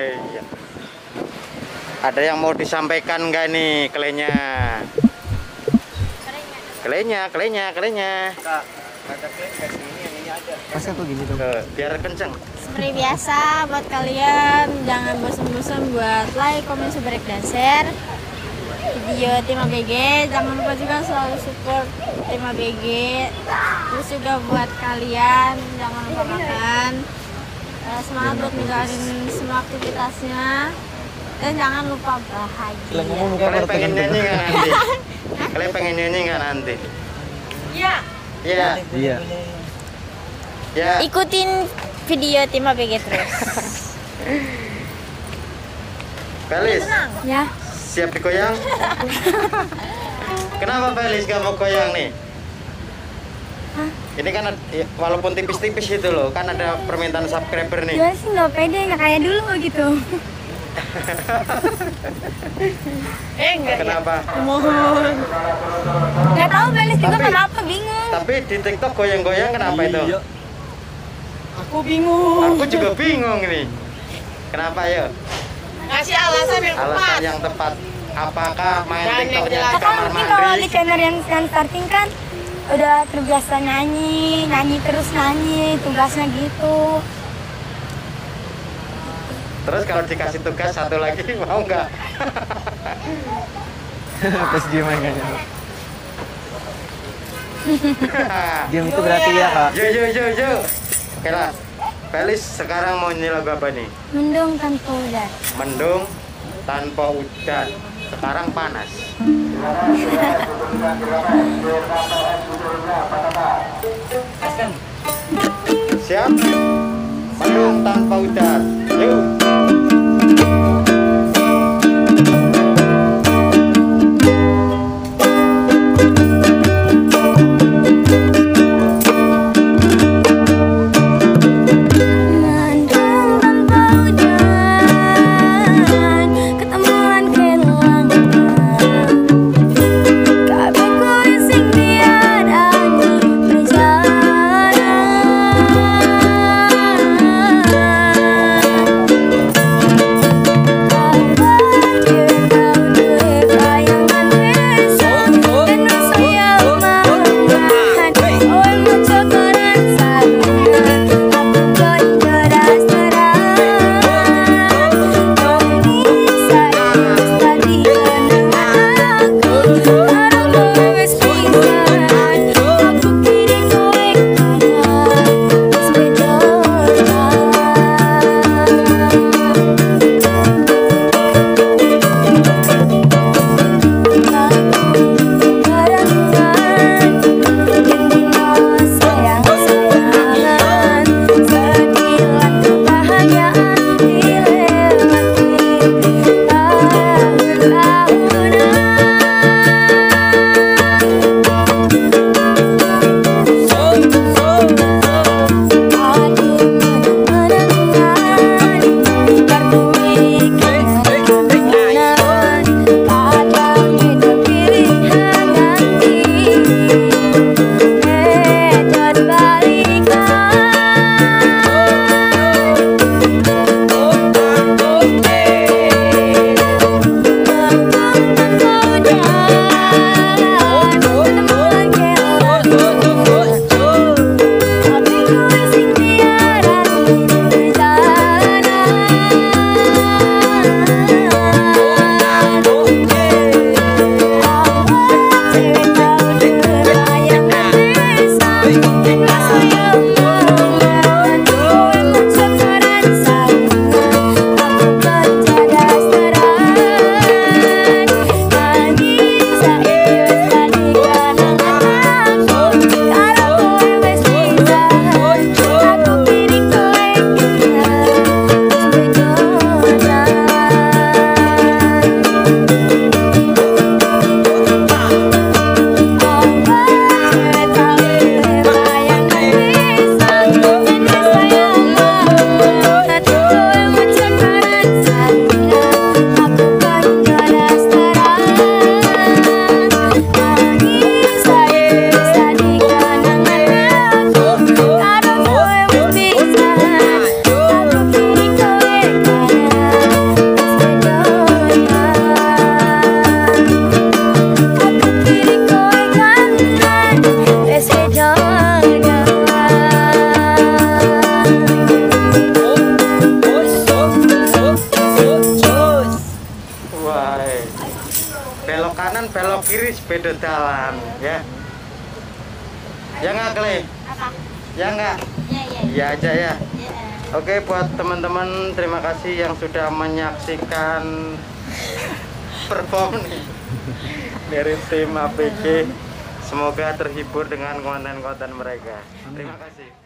iya. Ada yang mau disampaikan nggak nih kelenya? Kelenya, kelenya, kelenya. Kak, aku gini dong? Biar kenceng. Seperti biasa buat kalian jangan bosan-bosan buat like, komen, subscribe, dan share video tim ABG jangan lupa juga selalu support tim ABG terus juga buat kalian jangan lupa makan Eh, semangat buat ninggalin semua aktivitasnya dan jangan lupa bahagia Kalian kalian pengen kan, nyanyi nggak nanti kalian pengen nyanyi nggak nanti iya iya iya ya. ikutin video tim ABG terus Felis ya siap dikoyang kenapa Felis gak mau koyang nih Hah? Ini kan ada, ya, walaupun tipis-tipis itu loh, kan ada permintaan subscriber nih. Gue iya sih nggak pede, nggak kayak dulu gitu. eh enggak ya? kenapa? Ya? Mohon. Enggak tahu balas juga tapi, kenapa bingung. Tapi di TikTok goyang-goyang iya, kenapa itu? Iya. Aku bingung. Aku juga bingung nih. Kenapa ya? Kasih alasan yang alasan tepat. Alasan yang tepat. Apakah main Dan TikToknya kamar mandi? Kan mungkin kalau di channel yang, yang starting kan udah terbiasa nyanyi nyanyi terus nyanyi tugasnya gitu terus kalau dikasih tugas satu lagi mau nggak terus gimana diam itu berarti ya kak yo yo yo yo oke lah Felis sekarang mau nyanyi lagu apa nih mendung tanpa hujan mendung tanpa hujan sekarang panas Siap? Bandung tanpa udara. belok kanan belok kiri sepeda jalan ya ya nggak kle ya nggak ya, ya, ya. ya aja ya Oke buat teman-teman terima kasih yang sudah menyaksikan perform nih dari tim APG. Semoga terhibur dengan konten-konten mereka. Terima kasih.